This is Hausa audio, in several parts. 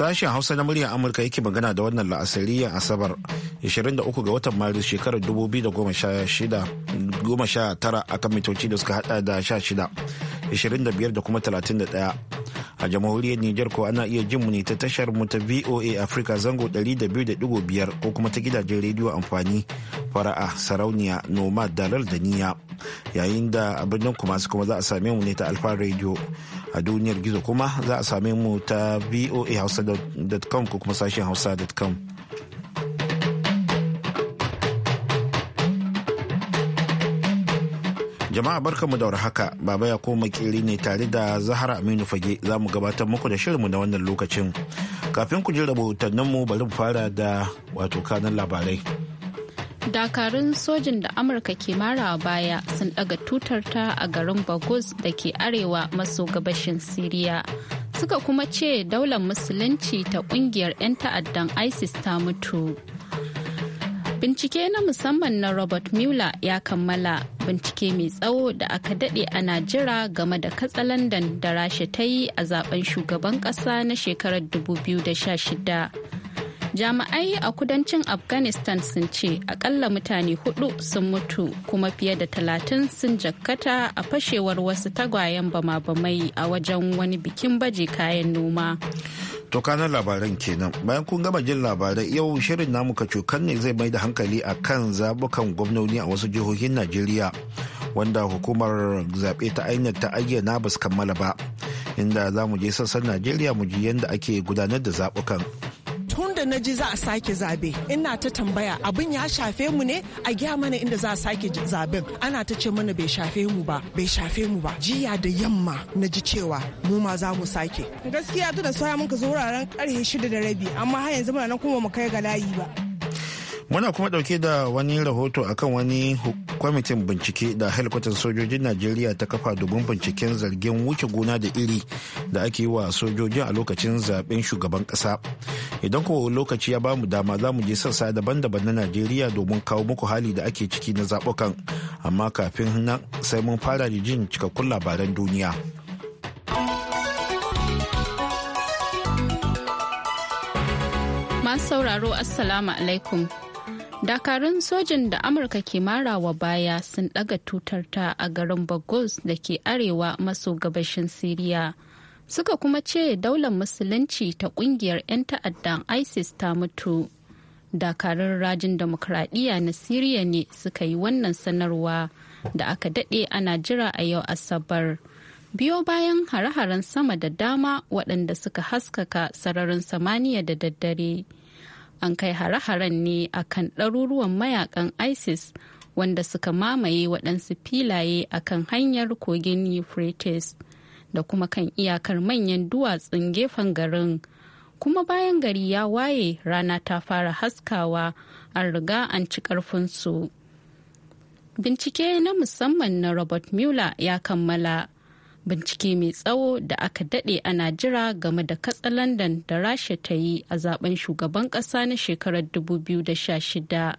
Sashen Hausa na muryar Amurka yake magana da wannan la'asariyar Asabar 23 ga watan Maris shekarar 2019 kan mitoci da suka hada da 16, 25 da kuma 31. A jamhuriyar Nijar ko ana iya jin mu ne ta tashar mu ta VOA Africa zango 200.5 ko kuma ta gidajen rediyo amfani fara'a sarauniya nomad dalar da niya yayin da abin birnin kuma su kuma za a same mu ne ta alfa rediyo a duniyar gizo kuma za a same mu ta voahausa.com ko kuma sashen hausa.com jama'a barka mu da warhaka baba ya koma makeri ne tare da zahara aminu fage za mu gabatar muku da shirinmu na wannan lokacin kafin ku ji rahotanninmu bari mu fara da wato kanan labarai dakarun sojin da amurka ke marawa baya sun daga tutar ta a garin bagus da ke arewa maso gabashin siriya suka kuma ce daular musulunci ta kungiyar 'yan ta'addan isis ta mutu bincike na musamman na robert mueller ya kammala bincike mai tsawo da aka dade ana jira game da katsalandan da rasha ta yi a zaben shugaban kasa na shekarar 2016 Jami'ai a kudancin Afghanistan sun ce akalla mutane hudu sun mutu kuma fiye da talatin sun jakkata a fashewar wasu tagwayen bama-bamai a wajen wani bikin baje kayan noma. To kanan labaran kenan bayan kun gama jin labarai yau shirin namu cokan ne zai mai da hankali a kan zabukan gwamnoni a wasu jihohin Najeriya wanda hukumar zaɓe ta ainihin ta ayyana ba su kammala ba inda za mu je sassan Najeriya mu ji yadda ake gudanar da zabukan. tun da na ji za a sake zabe ina ta tambaya abin ya shafe mu ne a gya mana inda za a sake zaben ana ta ce mana bai shafe mu ba bai shafe mu ba jiya da yamma na ji cewa mu ma za mu sake gaskiya ta da soya muka zo wuraren karhe shida da rabi amma har yanzu muna nan kuma mu kai ga layi ba muna kuma dauke da wani rahoto akan wani kwamitin bincike da helikwatar sojojin najeriya ta kafa domin binciken zargin wuce gona da iri da ake yi wa sojojin a lokacin zaben shugaban kasa idan ko lokaci ya bamu dama za mu je sassa daban-daban na najeriya domin kawo muku hali da ake ciki na zaɓukan amma kafin nan sai mun fara da jin cikakkun labaran duniya masu sauraro assalamu alaikum dakarun sojin da amurka ke marawa baya sun ɗaga tutar ta a garin bagos da ke arewa maso gabashin siriya suka kuma ce daular musulunci ta kungiyar 'yan ta'addan isis ta mutu dakarun rajin demokradiyya na siriya ne suka yi wannan sanarwa da aka daɗe ana jira a yau asabar biyo bayan hare-haren sama da dama waɗanda suka haskaka sararin samaniya da daddare. an kai hare-haren ne a kan ɗaruruwan mayakan isis wanda suka mamaye waɗansu filaye a kan hanyar kogin euphrates da kuma kan iyakar manyan duwatsun gefen garin kuma bayan gari ya waye rana ta fara haskawa an riga an ci ƙarfinsu bincike na musamman na robert mueller ya kammala bincike mai tsawo da aka daɗe ana jira game da katsalandan da rasha ta yi a zaben shugaban ƙasa na shekarar 2016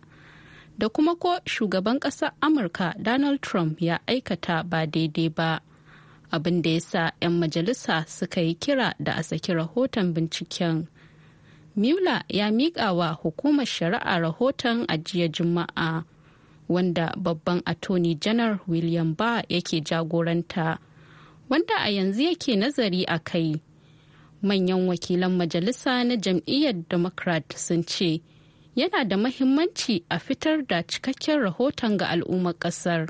da kuma ko shugaban ƙasar amurka donald trump ya aikata ba daidai ba abin da ya sa 'yan majalisa suka yi kira da a saki rahoton binciken mula ya miƙa wa hukumar shari'a rahoton ajiya juma'a wanda babban attorney general william barr yake jagoranta wanda a yanzu yake nazari a kai manyan wakilan majalisa na jam'iyyar democrat sun ce yana da mahimmanci a fitar da cikakken rahoton ga al'ummar kasar.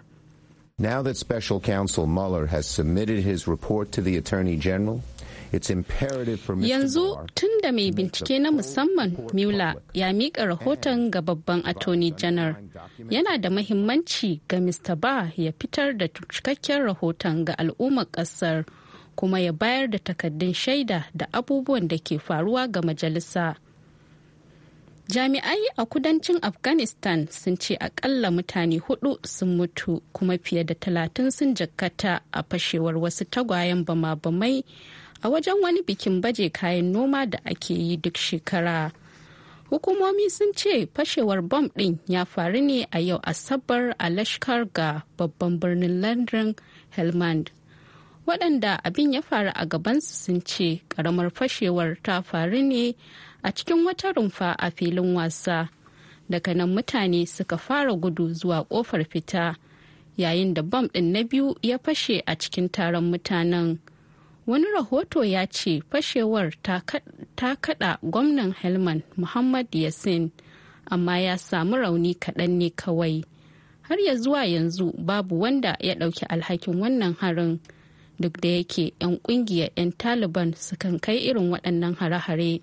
Now that Special Counsel Mueller has submitted his report to the Attorney General, Yanzu tun da mai bincike na musamman Mueller ya miƙa rahoton ga babban Attorney janar Yana da mahimmanci ga Mr. Barr ya fitar da cikakken rahoton ga al'ummar ƙasar kuma ya bayar da takaddun shaida da abubuwan da ke faruwa ga majalisa. Jami'ai a kudancin Afghanistan sun ce akalla mutane hudu sun mutu kuma fiye da talatin sun jakkata a fashewar wasu tagwayen bama-bamai. a wajen wani bikin baje kayan noma da ake yi duk shekara. Hukumomi sun ce fashewar bom ɗin ya faru ne a yau Asabar a Lashkar ga babban birnin London Helmand. Waɗanda abin ya faru a gabansu sun ce ƙaramar fashewar ta faru ne a cikin wata rumfa a filin wasa. Daga nan mutane suka fara gudu zuwa ƙofar fita yayin da bom ɗin na biyu ya fashe a cikin taron mutanen. wani rahoto ya ce fashewar ta kada gwamnan helman muhammad yasin amma ya samu rauni kaɗan ne kawai har ya zuwa yanzu babu wanda ya ɗauki alhakin wannan harin duk da yake 'yan ƙungiyar 'yan taliban sukan kai irin waɗannan hare-hare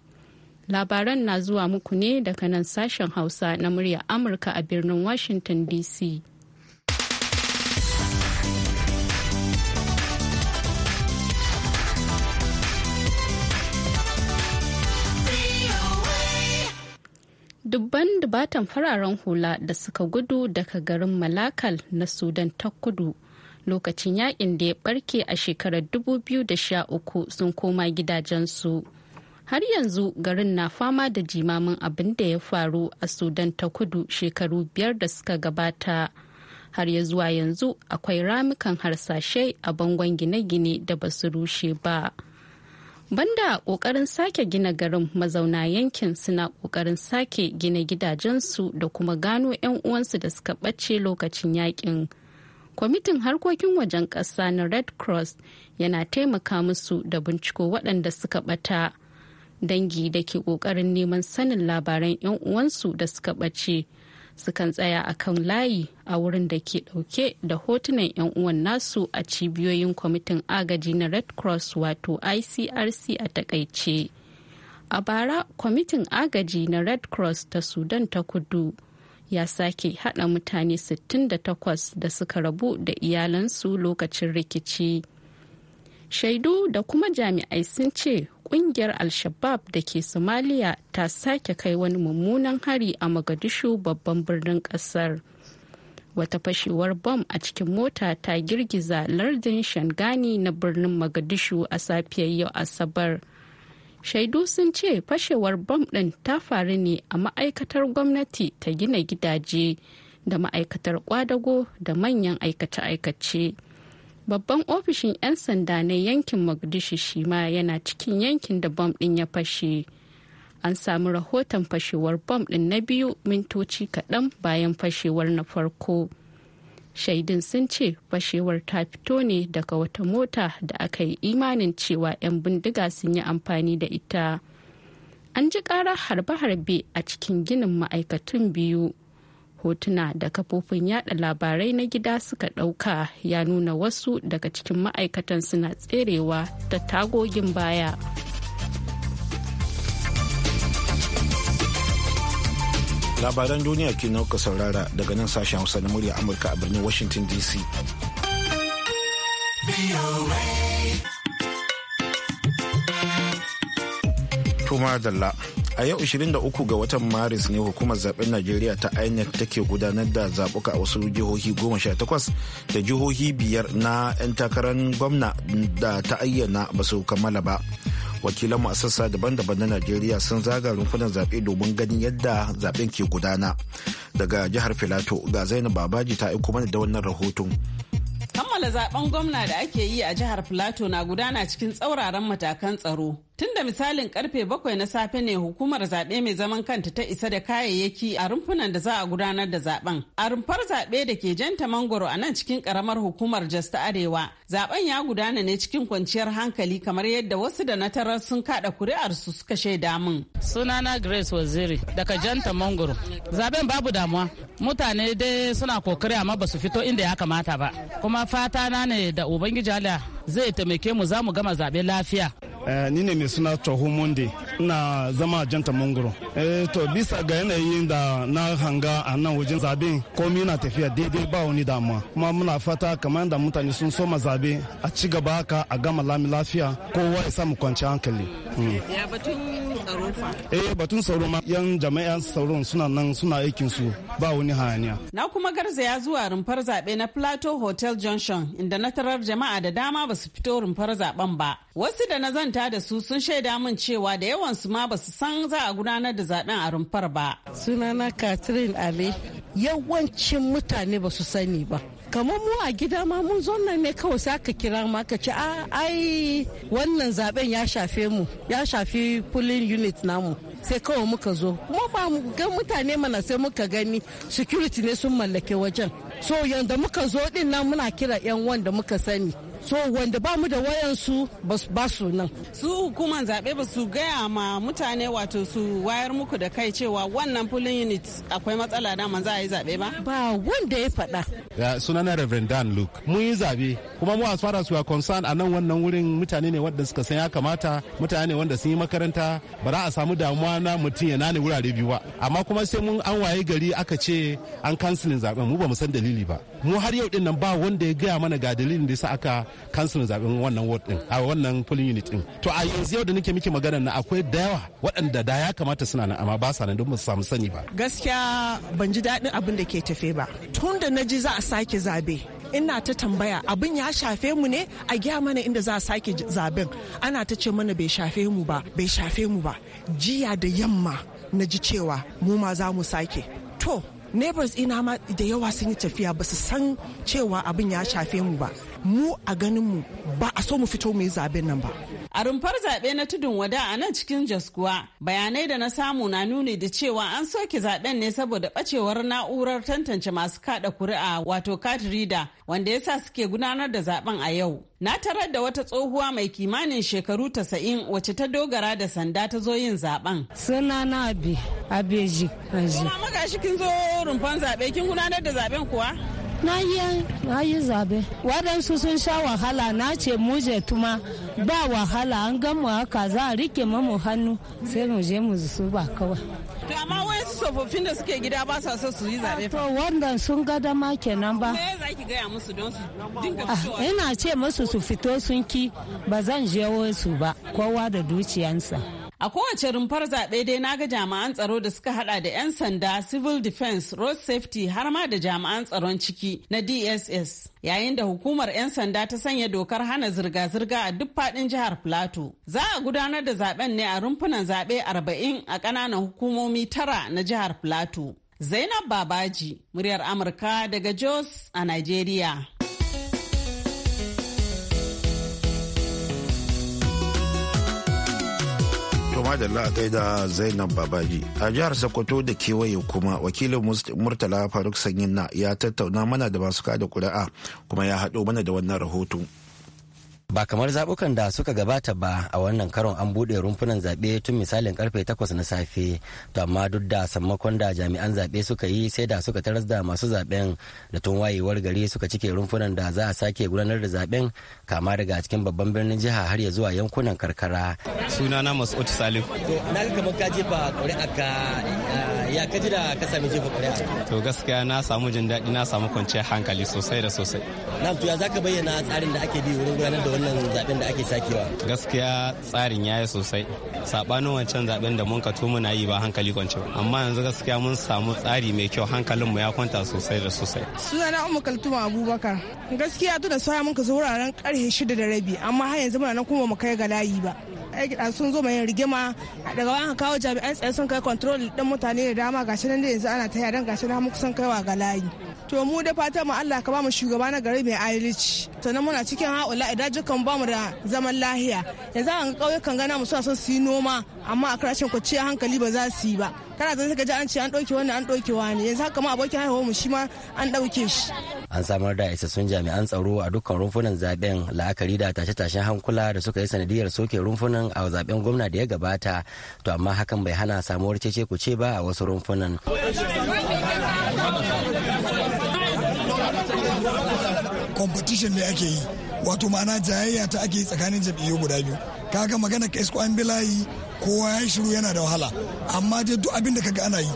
labaran na zuwa muku ne daga nan sashen hausa na murya amurka a birnin washington dc dubban dubatan fararen hula da suka gudu daga garin malakal na sudan ta kudu lokacin yakin da ya barke a shekarar 2013 sun koma gidajensu har yanzu garin na fama da jimamin abin da ya faru a sudan ta kudu shekaru biyar da suka gabata har ya zuwa yanzu akwai ramukan harsashe a bangon gine-gine da basu rushe ba. banda kokarin sake gina garin mazauna yankin suna kokarin sake gina gidajensu da kuma gano 'yan uwansu da suka ɓace lokacin yakin kwamitin harkokin wajen ƙasa na red cross yana taimaka musu da binciko waɗanda suka ɓata dangi da ke ƙoƙarin neman sanin labaran 'yan uwansu da suka ɓace sukan tsaya a kan layi a wurin da ke dauke da hotunan 'yan uwan nasu a cibiyoyin kwamitin agaji na red cross wato icrc a takaice a bara kwamitin agaji na red cross ta sudan ta kudu ya sake hada mutane 68 da suka rabu da iyalansu lokacin rikici. shaidu da kuma jami'ai sun ce kungiyar al-shabab da ke Somaliya ta sake kai wani mummunan hari a Magadishu babban birnin kasar wata fashewar bom a cikin mota ta girgiza lardin shangani na birnin Magadishu a safiyar yau asabar shaidu sun ce fashewar bom ɗin ta faru ne a ma'aikatar gwamnati ta gina gidaje da ma'aikatar kwadago da manyan aikace-aikace babban ofishin 'yan sanda na yankin mogadishu shi ma yana cikin yankin da bom ɗin ya fashe an samu rahoton fashewar bom ɗin na biyu mintoci kaɗan bayan fashewar na farko shaidun sun ce fashewar ta fito ne daga wata mota da aka yi imanin cewa 'yan bindiga sun yi amfani da ita an ji ƙara harbe-harbe a cikin ginin ma'aikatun biyu hotuna da kafofin yada labarai na gida suka ɗauka ya nuna wasu daga cikin ma'aikatan suna tserewa ta tagogin baya. labaran duniya ke nauka saurara daga nan sashen hausa na murya amurka a birnin washington dc tuma dalla a yau 23 ga watan maris ne hukumar zaben najeriya ta inec take gudanar da zaɓuka a wasu jihohi 18 da jihohi biyar na 'yan takarar gwamna da ta ayyana ba su kammala ba wakilan masassa daban-daban na najeriya sun zaga rumfunan zaɓe domin ganin yadda zaɓen ke gudana daga jihar filato ga zainab babaji ta aiko mana da wannan rahoton kammala zaben gwamna da ake yi a jihar filato na gudana cikin tsauraran matakan tsaro Tun da misalin karfe bakwai na safe ne hukumar zaɓe mai zaman kanta ta isa da kayayyaki a rumfunan da za a gudanar da zaben. A rumfar zaɓe da ke janta mangoro a nan cikin karamar hukumar Jos ta Arewa, zaben ya gudana ne cikin kwanciyar hankali kamar yadda wasu da na tarar sun kaɗa kuri'arsu suka shaida min. Sunana Grace Waziri daga janta mangoro. Zaben babu damuwa. Mutane dai suna kokari amma ba su fito inda ya kamata ba. Kuma fata na ne da Ubangiji zai taimake mu za mu gama zaɓe lafiya. Eh, ni ne mai suna Toho Monde ina zama janta mungoro. Eh, to bisa ga yanayin da na hanga a nan wajen zaɓen komi na tafiya daidai ba wani damuwa kuma muna fata kamar da mutane sun soma zaɓe a ci gaba haka a gama lami lafiya kowa ya samu kwanci hankali. Hmm. Ya batun tsaro fa? Eh batun tsaro ma yan jami'an tsaron suna nan suna aikin su ba wani hayaniya. Na kuma garzaya zuwa rumfar zabe na Plateau Hotel Junction inda na tarar jama'a da dama ba su fito rumfar zaben ba. Wasu da na zanta da su sun shaida min cewa da yawan su ma basu san za a gudanar da zaben a rumfar ba. Sunana Catherine Ali yawancin mutane ba sani ba. kamar mu a gida ma mun zo nan ne kawai sai aka kira ma ka ce ah, ai wannan zaben ya shafe mu ya shafi pulling unit namu sai kawai muka zo kuma ba mu ga mutane mana sai muka gani security ne sun mallake wajen so yanda muka zo din nan muna kira yan wanda muka sani so wanda ba mu da wayansu ba su nan su hukuman zaɓe ba su gaya ma mutane wato su wayar muku da kai cewa wannan fulin unit akwai matsala da za a yi zaɓe ba ba wanda ya faɗa sunana reverend dan luke mun yi zaɓe kuma mu as far as we concern a nan wannan wurin mutane ne wanda suka san ya kamata mutane ne wanda sun yi makaranta ba za a samu damuwa na mutum ya nane wurare biyu ba amma kuma sai mun an waye gari aka ce an kansilin zaɓen mu ba mu san dalili ba mu har yau din nan ba wanda ya gaya mana ga dalilin da yasa aka kansulin zaben wannan ward din a wannan polling unit din to a yanzu yau da nake miki magana na akwai da yawa waɗanda da ya kamata suna nan amma ba sa nan don mu samu sani ba gaskiya ban ji daɗin abin da ke tafe ba tun da na ji za a sake zabe ina ta tambaya abin ya shafe mu ne a gya mana inda za a sake zaben ana ta ce mana bai shafe mu ba bai shafe mu ba jiya da yamma na ji cewa mu ma za mu sake to neighbors ina ma da yawa sun yi tafiya ba su san cewa abin ya shafe mu ba mu a ganin mu ba a so mu fito mu yi zaben nan ba a rumfar zaɓe na tudun wada a nan cikin jaskuwa bayanai da na samu na nuni da cewa an soke zaben ne saboda ɓacewar na'urar tantance masu kaɗa kuri'a wato card reader wanda yasa suke gudanar da zaben a yau na tarar da wata tsohuwa mai kimanin shekaru 90 wacce ta dogara da sanda ta zo yin zaben suna na abi abeji kuma magashi kin zo rumfan zaɓe kin gudanar da zaben kuwa na yi yi zabe waɗansu sun sha wahala na ce mu je tuma ba wahala an gan mu haka za a rike mamu hannu sai mu je mu su ba kawai to amma wai tsofaffin da suke gida ba sa so su yi zabe ah, to wannan sun ga ma kenan ba me za ki gaya musu don su dinga ah, fitowa ina ce musu su fito sun ki ba zan je su ba kowa da dukiyansa A kowace rumfar zaɓe dai na ga jami'an tsaro da suka hada da 'yan sanda, civil defense, road safety har ma da jami'an tsaron ciki na DSS. Yayin da hukumar 'yan sanda ta sanya dokar hana zirga-zirga a duk faɗin jihar Plateau. Za a gudanar da zaben ne a rumfunan zaɓe 40 a ƙananan hukumomi tara na jihar Plateau. Zainab Babaji, muryar Amurka daga Jos a Najeriya. da la'akai da zainab babaji a jihar sokoto da kewaye kuma wakilin murtala faruk sanyin na ya tattauna mana da masu kada kuri'a kuma ya haɗo mana da wannan rahoton. ba kamar zabukan da suka gabata ba a wannan karon an buɗe rumfunan zaɓe tun misalin karfe 8 na safe to amma duk da sammakon da jami'an zaɓe suka yi sai da suka taras da masu zaɓen da tun wayewar gari suka cike rumfunan da za a sake gudanar da zaɓen kama daga cikin babban birnin jiha har ya zuwa yankunan karkara suna sunana mas'ud salih to na ga kamar ka jefa ƙuri'a ka eh, ya ka ji da ka sami jefa ƙuri'a to gaskiya na samu jin daɗi na samu kwanciyar hankali sosai da sosai na to ya zaka bayyana tsarin da ake bi wurin gudanar da wannan zaben da ake sakewa gaskiya tsarin yayi sosai sabanin wancan zaben da mun kato muna yi ba hankali kwance amma yanzu gaskiya mun samu tsari mai kyau hankalin mu ya kwanta sosai da sosai sunana umma kaltuma abubakar gaskiya tun da sai mun ka zo wuraren karfe shida da rabi amma har yanzu muna nan kuma mu kai ga layi ba aiki sun zo mai rigima daga wani kawo jami'an tsaye sun kai control din mutane da dama gashi nan da yanzu ana ta yaran gashi mun kusan kaiwa ga layi to mu da fata mu Allah ka ba mu shugaba na gari mai adalci sannan muna cikin haula idan jikan ba mu da zaman lahiya yanzu an kauyukan gana mu suna son su yi noma amma a karashin kwanciyar hankali ba za su yi ba kana zan ka ji an ce an ɗauke wannan an ɗauke wani yanzu haka ma abokin haihuwar mu shi ma an ɗauke shi. an samar da isassun jami'an tsaro a dukkan rumfunan zaben la'akari da tashe-tashen hankula da suka yi sanadiyar soke rumfunan a zaben gwamna da ya gabata to amma hakan bai hana samuwar cece kuce ba a wasu rumfunan. competition ne ake yi wato ma'ana jayayya ta ake yi tsakanin jam'iyyu guda biyu kaga magana ka isko an bilayi kowa ya shiru yana da wahala amma dai duk abin da kaga ana yi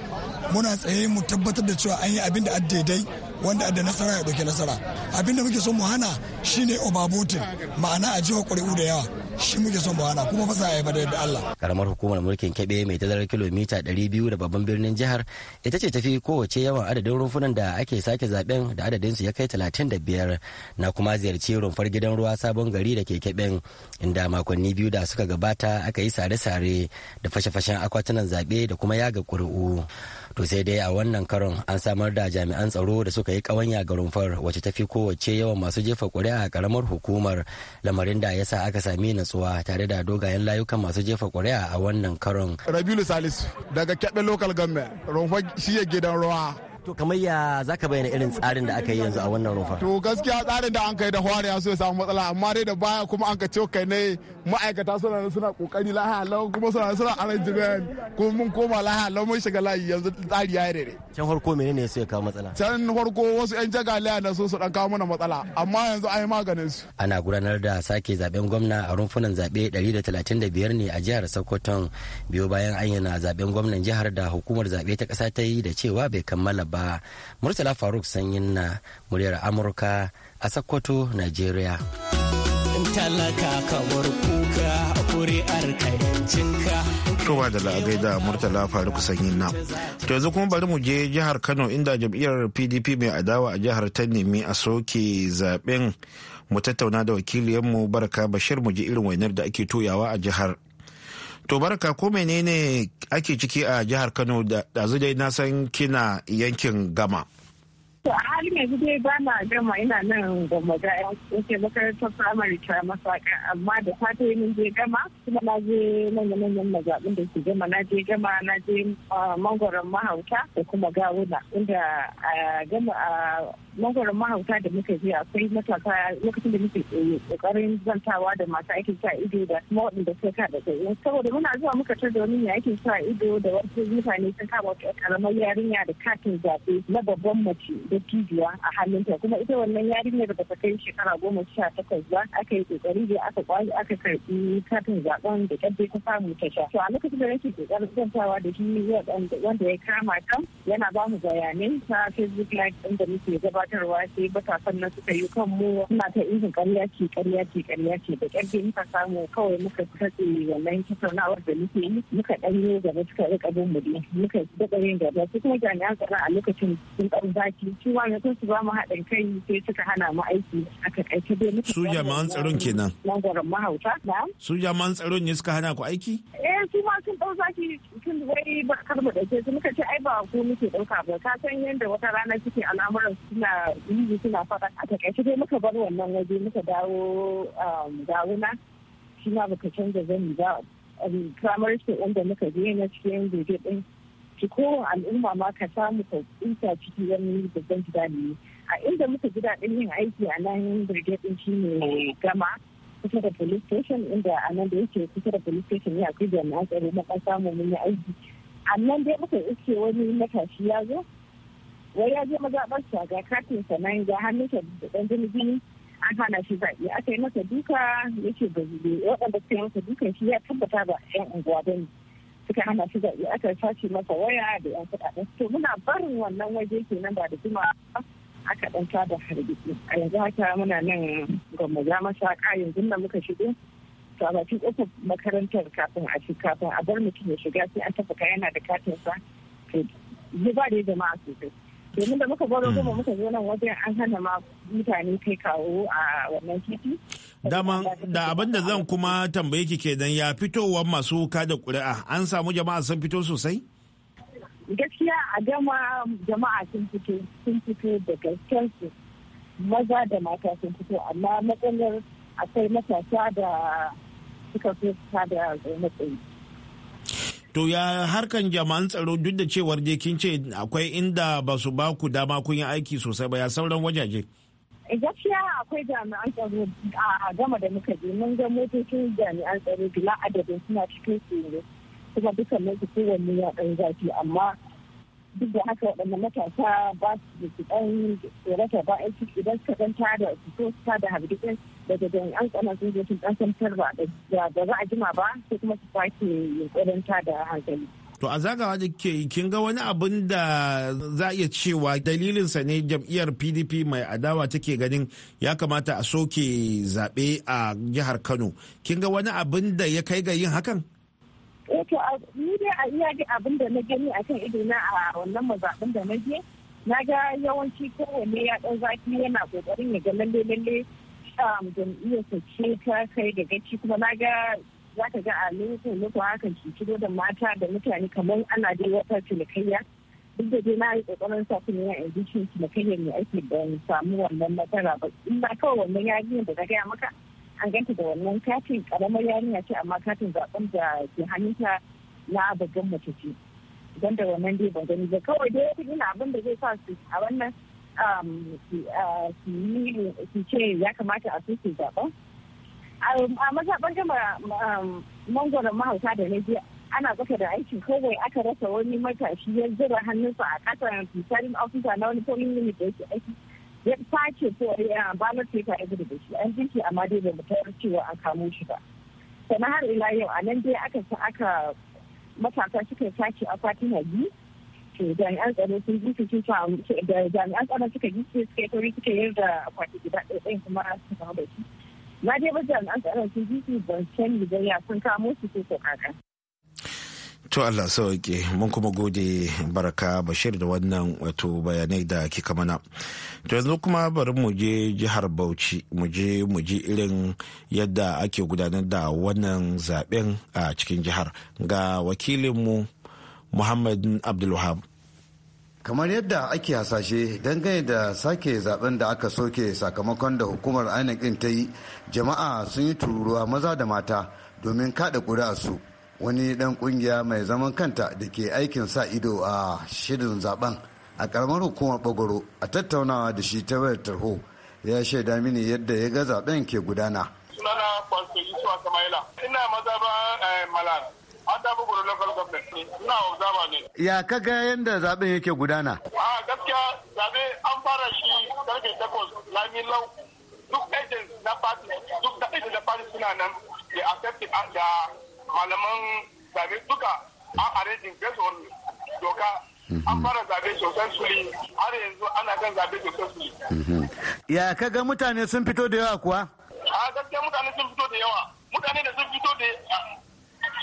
muna tsaye mu tabbatar da cewa an yi abin da daidai wanda da nasara ya ɗauki nasara abin da muke so mu hana shine obabotin ma'ana a jiwa ƙuri'u da yawa shi muke son bawana kuma fasa ya da Allah. Karamar hukumar mulkin Kebe mai tazarar kilomita 200 da babban birnin jihar ita ce tafi kowace yawan adadin rumfunan da ake sake zaben da adadin su ya kai 35 na kuma ziyarci rumfar gidan ruwa sabon gari da ke Keben inda makonni biyu da suka gabata aka yi sare-sare da fashe-fashen akwatunan zaɓe da kuma yaga ƙuri'u. to sai dai a wannan karon an samar da jami'an tsaro da suka yi kawanya ga rumfar wacce ta fi kowace yawan masu jefa kuri'a a karamar hukumar lamarin da ya sa aka sami natsuwa tare da dogayen layukan masu jefa kuri'a a wannan karon rabilu salisu daga kyaɓe local government rumfar shi gidan rawa. To kamar ya za ka bayyana irin tsarin da aka yi yanzu a wannan rumfa? To gaskiya tsarin da an kai da hwari ya so ya samu matsala amma dai da baya kuma an ka ce kai ne ma'aikata suna suna kokari lahalau kuma suna suna arrangement kuma mun koma lahalau mun shiga layi yanzu tsari ya rere. Can farko menene su ya kawo matsala? Can farko wasu 'yan jagaliya na so su dan kawo mana matsala amma yanzu an yi maganin su. Ana gudanar da sake zaben gwamna a rumfunan zaɓe 135 ne a jihar Sokoton biyo bayan ayyana zaben gwamnan jihar da hukumar zaɓe ta ƙasa ta yi da cewa bai kammala ba murtala faruk sanyin na muryar amurka a sokoto nigeria talaka kuka da la'agai da murtala faruk sanyin na to yanzu kuma bari mu je jihar kano inda jam'iyyar pdp mai adawa a jihar ta nemi a soke zaben mu tattauna da wakiliyanmu baraka bashir mu ji irin wainar da ake toyawa a jihar To barka ko menene ake ciki a jihar Kano da dai na san kina yankin gama. To a halin yanzu dai ba na gama ina nan ga ga yake makarantar firamare ta masaka amma da fata yi je gama kuma na je manyan manyan mazaɓin da su gama na je gama na je ah, mangoron mahauta da kuma gawuna inda a ah, gama a ah, mahoron mahauta da muka je akwai matasa lokacin da muke kokarin zantawa da masu aikin sa ido da kuma waɗanda suka kada tsaye saboda muna zuwa muka tar da wani mai aikin sa ido da wasu mutane sun kama wata karamar yarinya da katin zaɓe na babban mace da tijiya a hannunta kuma ita wannan yarinyar da ta kai shekara goma sha takwas ba aka yi kokari da aka kwari aka karɓi katin zaɓen da ƙarfe ta samu ta sha to a lokacin da nake kokarin zantawa da shi wanda ya kama ta yana ba mu bayanai ta facebook live ɗin da muke gaba gabatarwa sai matasan nan suka yi kan mu suna ta irin karya ce karya ce karya ce da ƙarfi muka samu kawai muka katse wannan tattaunawar da muke yi muka ɗanyo gaba suka rika bin mu ne muka daɗa yin gaba su kuma jami'an tsaro a lokacin sun ɗan zaki su ma sun su ba mu haɗin kai sai suka hana mu aiki a takaice dai muka su jami'an tsaron kenan mangwaron mahauta na su jami'an tsaron ne suka hana ku aiki eh su ma sun ɗau zaki sun wai ba mu da ke su muka ce ai ba ku muke ɗauka ba ka san yadda wata rana suke al'amuran suna yi suna faɗa a takaice dai muka bar wannan waje muka dawo um, gawuna shi ma baka canza zani ba um, primary school wanda muka je na cikin gobe din ki kowane al'umma ma ka samu ka tsinta ciki wani babban gida ne a inda muka ji daɗin yin aiki a nan brigade din ne gama kusa da police station inda a nan da yake kusa da police station ya akwai jami'an tsaro na kan samu mun yi aiki a nan dai muka iske wani matashi ya zo wai ya je mazaɓarsa ga katinsa nan ga hannunsa da ɗan jirgi an hana shi zaɓe aka yi masa duka ya ce ba zube waɗanda suka yi masa dukan shi ya tabbata ba yan unguwa ba ne suka hana shi zaɓe aka sace masa waya da yan kuɗaɗen to muna barin wannan waje kenan ba da juma aka ɗan tada hargitsi a yanzu haka muna nan gwamma za a bakin ƙofar ya shiga sai domin da muka gwada kuma hmm. muka zo nan wajen an hana ma mutane kai kawo a wannan titi Dama da abin da zan kuma tambaye ki kenan ya fitowar masu kada kuri'a an samu jama'a sun fito sosai gaskiya a gama jama'a sun fito sun fito da gasken maza da mata sun fito amma matsalar akwai matasa da suka fi kada matsayi to ya harkan jama'an tsaro duk da cewar je kin ce akwai inda ba su ba ku dama kun yi aiki sosai ba ya sauran wajaje eh, gaskiya akwai jami'an tsaro a gama da muka je mun ga motocin jami'an tsaro bila adadin suna cikin tsoro kuma dukkanin su kowanne ya ɗan zafi amma duk da haka waɗanda matasa ba su da su dan tsorata ba aiki idan suka dan tada su so su tada daga jami'an tsaron sun je sun kasantar ba da za a jima ba sai kuma su sake yunkurin da hankali. To a zagawa da ke kin ga wani abin da za a iya cewa dalilinsa ne jam'iyyar PDP mai adawa take ganin ya kamata a soke zaɓe a jihar Kano. Kin ga wani abin da ya kai ga yin hakan? Eh, to ni dai a iya ga abin da na gani a kan na a wannan mazaɓin da na je na ga yawanci kowanne ya ɗan zafi yana ƙoƙarin ya ga lalle lalle jam'iyyarsa ce ta kai da gaci kuma na ga za ka ga a lokacin lokacin hakan ki shigo da mata da mutane kamar ana dai wata cinikayya duk da dai na yi kokarin sa kuma yana yanzu shi cinikayyar ne ake ban samu wannan matsala ba in ba kawai wannan yarinyar da ta gaya maka an ganta da wannan katin karamar yarinya ce amma katin zaben da ke hannunta na babban mace ce don da wannan dai ban gani ba kawai dai wata abin da zai sa su a wannan su um, uh, ce ya kamata a su su zaɓa. A mazaɓar gama um, mangoron mahauta da na ana tsaka da aikin kawai aka rasa wani matashi ya zira hannunsa a ƙasar fisarin ofisa na wani polling unit da yake aiki ya sace ko ya ballot paper ya gudu da shi an jinki amma dai bai mutar cewa an kamo shi ba. sana har ila yau a nan dai aka aka matasa suka sace a fatina biyu to jami'an tsaro sun gice su da jami'an tsaro suka gice suka yi kori suka yi da akwati guda ɗaya kuma su kawo da shi na dai ba jami'an tsaro sun gice ban sani ba ya sun kamo su ko kaka. To Allah sauke mun kuma gode baraka bashir da wannan wato bayanai da kika mana. To yanzu kuma bari mu je jihar Bauchi mu je mu ji irin yadda ake gudanar da wannan zaben a cikin jihar ga wakilinmu muhammad abdulwahab kamar yadda ake hasashe dangane da sake zaben da aka soke sakamakon da hukumar inec ta yi jama'a sun yi tururuwa maza da mata domin kada su wani dan kungiya mai zaman kanta da ke aikin sa ido a shirin zaben a karamar hukumar bagoro a tattaunawa da shi ta wayar tarho ya shaida mini yadda ya ga zaben ke gudana sunana samaila ina maza ba eh, an tafi gudu local government ina observer ne ya kaga yadda zaben yake gudana a gaskiya zabe an fara shi karfe takwas lami lau duk agent na fati duk da agent na fati suna nan da accepted ah, da malaman zabe duka an arranging based on doka mhm. an fara zabe suli har yanzu ana kan zabe suli. Mhm. ya kaga mutane sun fito da yawa kuwa a gaskiya mutane sun fito da yawa mutane da sun fito da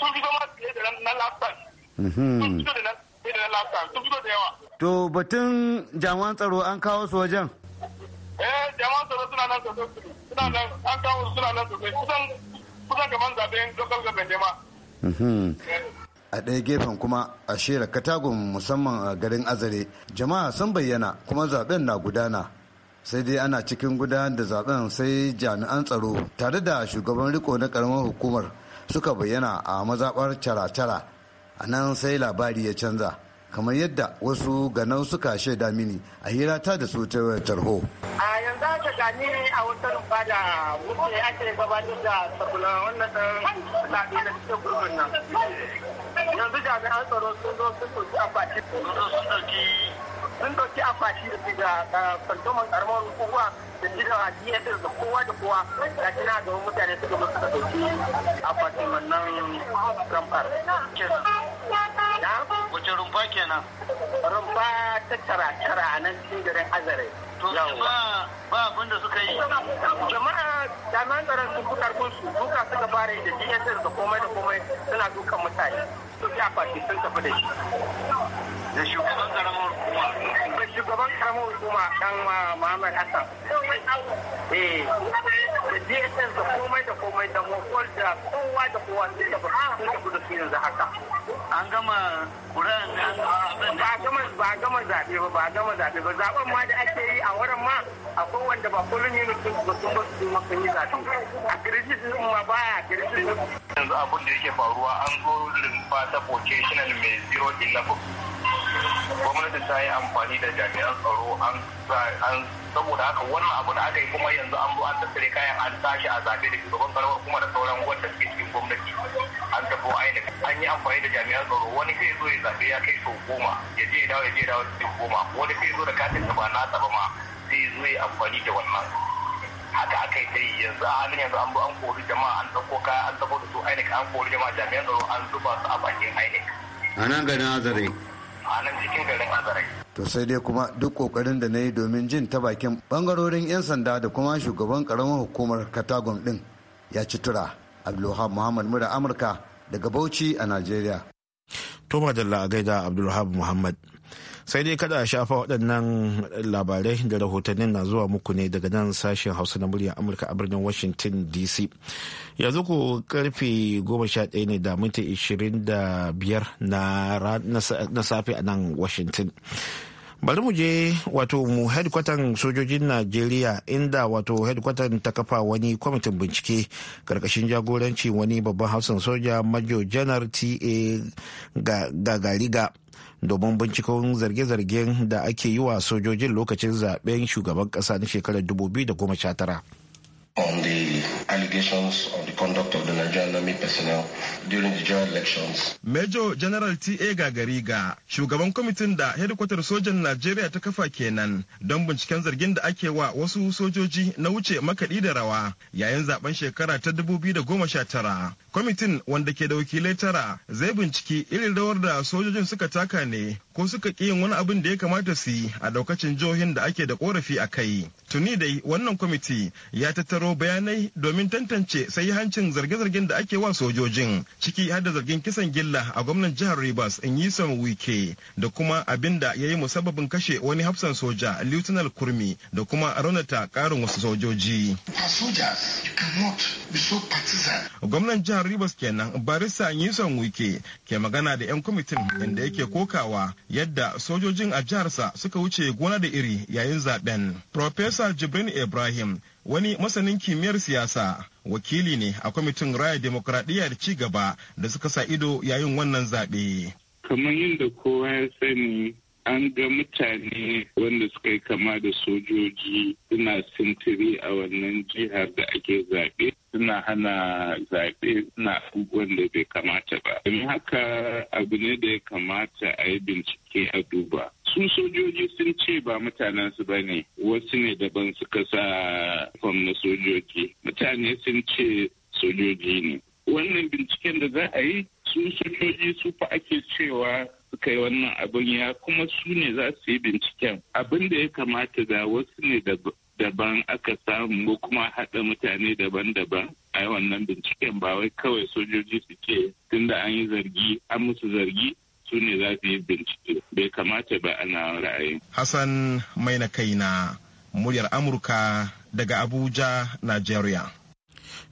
sun fito ma fiye da na last time sun fito da na last time sun fito da yawa to batun jaman tsaro an kawo su wajen eh jaman tsaro suna nan sosai suna nan an kawo su suna nan sosai kusan kusan gaban zaben local government ma hmm. eh. a ɗaya gefen kuma a shera katagun musamman a garin azare jama'a sun bayyana kuma zaben na gudana sai dai ana cikin gudanar da zaben sai jami'an tsaro tare da shugaban riko na karamar hukumar suka bayyana a mazabar cara-cara a nan sai labari ya canza kamar yadda wasu ganau suka shaida mini a hira ta da su ta tarho. a yanzu aka gani a wata rufa da wuce ake gabatar da sabula wannan ɗan zaɓe da suke gurbin nan yanzu jami'an tsaro sun zo sun ɗauki akwati sun ɗauki akwati da su da kantoman ƙaramar hukuma da gidan a da kowa da kowa ga shi na mutane suka zo suka wannan wace rumfa kenan rumfa ta tara tara a nan cikin garin azare to ba abin da suka yi jama'a jami'an tsaron sun fi karfin su duka suka fara da dsl da komai da komai suna dukan mutane su fi akwati sun tafi da shi da nan Muhammad Hassan. Eh, da DSS da komai da komai da mokol da kowa da kowa da da yanzu haka. An gama kuran ba gama ba gama zabe ba ba gama zabe ba zaben ma da ake yi a wurin ma akwai wanda ba kullun ne mutum ba sun ba su maka yi zabe. A kirjis din ma baya kirjis yanzu abin da yake faruwa an zo rumfa ta vocational mai 011 gwamnati ta yi amfani da jami'an tsaro an saboda haka wannan abu da aka yi kuma yanzu an zo an tattare kayan an tashi a zaɓe da shugaban karamar kuma da sauran wanda suke cikin gwamnati an tafi aini an yi amfani da jami'an tsaro wani kai zo ya zaɓe ya kai sau goma ya je ya dawo ya je ya dawo cikin goma wani kai zo da katin da ba na ba ma zai zo ya amfani da wannan haka aka yi ta yi yanzu a halin yanzu an zo an kori jama'a an ɗauko kaya an ɗauko da su ainih an kori jama'a jami'an tsaro an zuba su a bakin ainih. a nan ga nazare. a nan cikin garin Azare. To sai dai kuma duk kokarin da na yi domin jin ta bakin bangarorin 'yan sanda da kuma shugaban karamar hukumar katagon din ya ci tura. Abdulwahab Muhammad Mura Amurka daga Bauchi a Najeriya. Toma Dalla a gaida Abdulwahab Muhammad. sai dai kada a shafa waɗannan labarai da rahotannin na zuwa muku ne daga nan sashen hausa na muryar amurka a birnin washington dc yanzu ku karfe 11 ne da minti 25 na safe a nan washington bari mu je wato mu hedkwatan sojojin najeriya inda wato hedkwatan ta kafa wani kwamitin bincike karkashin jagoranci wani babban hausan soja major janar ta gagariga domin binciken zarge-zargen da ake yi wa sojojin lokacin zaben shugaban ƙasa na shekarar 2019. allegations of the conduct of the Nigerian Army personnel during the general elections. Major General T.A. Gagariga, shugaban kwamitin da hedikwatar sojan Najeriya ta kafa kenan don binciken zargin da ake wa wasu sojoji na wuce makaɗi da rawa yayin zaben shekara ta 2019. Kwamitin wanda ke da wakilai tara zai binciki irin rawar da sojojin suka taka ne ko suka ƙi yin wani abin da ya kamata su yi a ɗaukacin jihohin da ake da korafi a kai. Tuni dai wannan kwamiti ya tattaro bayanai domin domin tantance hancin zarge-zargen da ake wa sojojin ciki har da zargin kisan gilla a gwamnan jihar Rivers in son Wike da kuma abin da ya yi musabbabin kashe wani hafsan soja Lieutenant Kurmi da kuma raunata karin wasu sojoji. Gwamnan jihar Rivers kenan Barista son Wike ke magana da 'yan kwamitin inda yake kokawa yadda sojojin a jiharsa suka wuce gona da iri yayin zaben. Profesa Jibrin Ibrahim wani masanin kimiyyar siyasa wakili ne a kwamitin raya demokradiyya da ci gaba da suka sa ido yayin wannan zaɓe. kamar yadda kowa ya sani an ga mutane wanda suka yi kama da sojoji suna sintiri a wannan jihar da ake zaɓe suna hana zaɓe suna abubuwan da bai kamata ba. domin haka abu ne da ya kamata a yi bincike a duba su sojoji sun ce ba mutanen su ba ne wasu ne daban suka sa fam na sojoji mutane sun ce sojoji ne wannan binciken da za a yi su sojoji su fa ake cewa suka yi wannan abin ya kuma su ne za su yi binciken abin da ya kamata da wasu ne daban aka samu ko kuma haɗa mutane daban-daban a yi wannan binciken ba wai kawai sojoji su ce tunda an yi zargi an musu zargi su ne za su yi bincike bai kamata ba ana ra'ayi. Hassan mai na kaina muryar Amurka daga Abuja, Nigeria.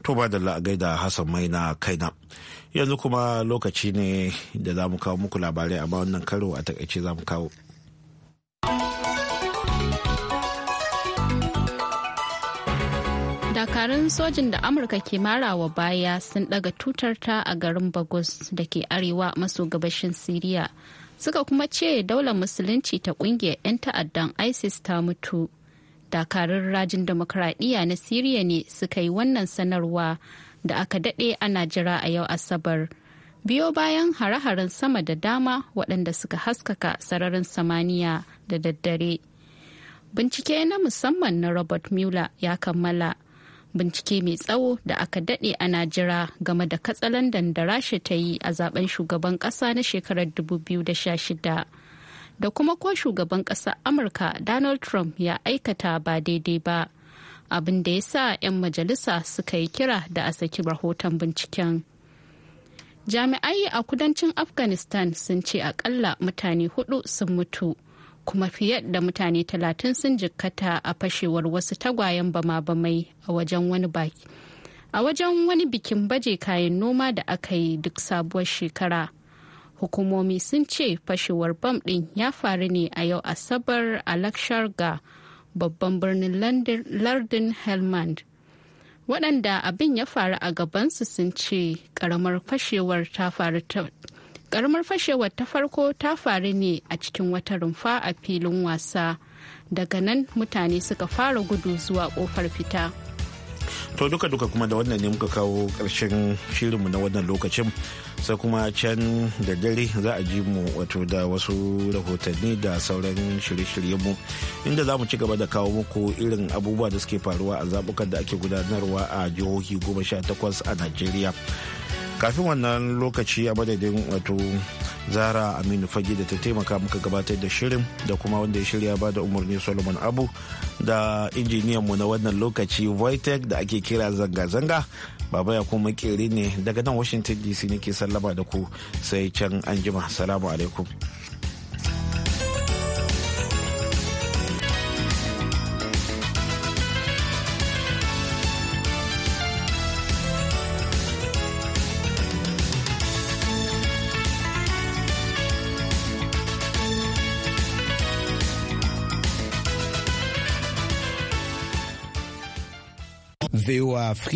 To ba da la'agaida Hassan mai na kaina. Yanzu kuma lokaci ne da za mu kawo muku labarai amma wannan karo a takaice za mu kawo. dakarun sojin da amurka ke marawa baya sun daga tutar a garin bagos da ke arewa maso gabashin siriya suka kuma ce daular musulunci ta kungiyar 'yan ta'addan isis ta mutu dakarun rajin demokradiyya na siriya ne suka yi wannan sanarwa da aka dade ana jira a yau asabar biyo bayan hare-haren sama da dama waɗanda suka haskaka sararin samaniya da daddare bincike na musamman na robert mueller ya kammala bincike mai tsawo da aka daɗe a jira game da katsalandan da rasha ta yi a zaben shugaban kasa na shekarar 2016 da kuma ko shugaban ƙasa amurka donald trump ya aikata ba daidai ba abin da ya sa 'yan majalisa suka yi kira da a saki rahoton binciken jami'ai a kudancin afghanistan sun ce akalla mutane hudu sun mutu kuma fiye da mutane talatin sun jikkata a fashewar wasu tagwayen bama-bamai a wajen wani baki a wajen wani bikin baje kayan noma da aka yi duk sabuwar shekara hukumomi sun ce fashewar bam ɗin ya faru ne a yau asabar a ga babban birnin lardin helmand waɗanda abin ya faru a gabansu sun ce ƙaramar fashewar ta faru karamar fashewar ta farko ta faru ne a cikin wata rumfa a filin wasa daga nan mutane suka fara gudu zuwa kofar fita to duka duka kuma da wannan ne muka kawo ƙarshen shirinmu na wannan lokacin sai kuma can da dare za a ji mu wato da wasu rahotanni da sauran shirye-shiryenmu inda za mu ci gaba da kawo muku irin abubuwa da suke faruwa a zabukan da ake gudanarwa a jihohi goma sha takwas a najeriya kafin wannan lokaci a madadin wato zara aminu fage da ta taimaka muka gabatar da shirin da kuma wanda ya shirya ba da umarni solomon abu da injiniyan mu na wannan lokaci voitech da ake kira zanga-zanga baba ya kuma kere ne daga nan washington dc nake sallama da ku sai can anjima salamu alaikum VOA Afrique.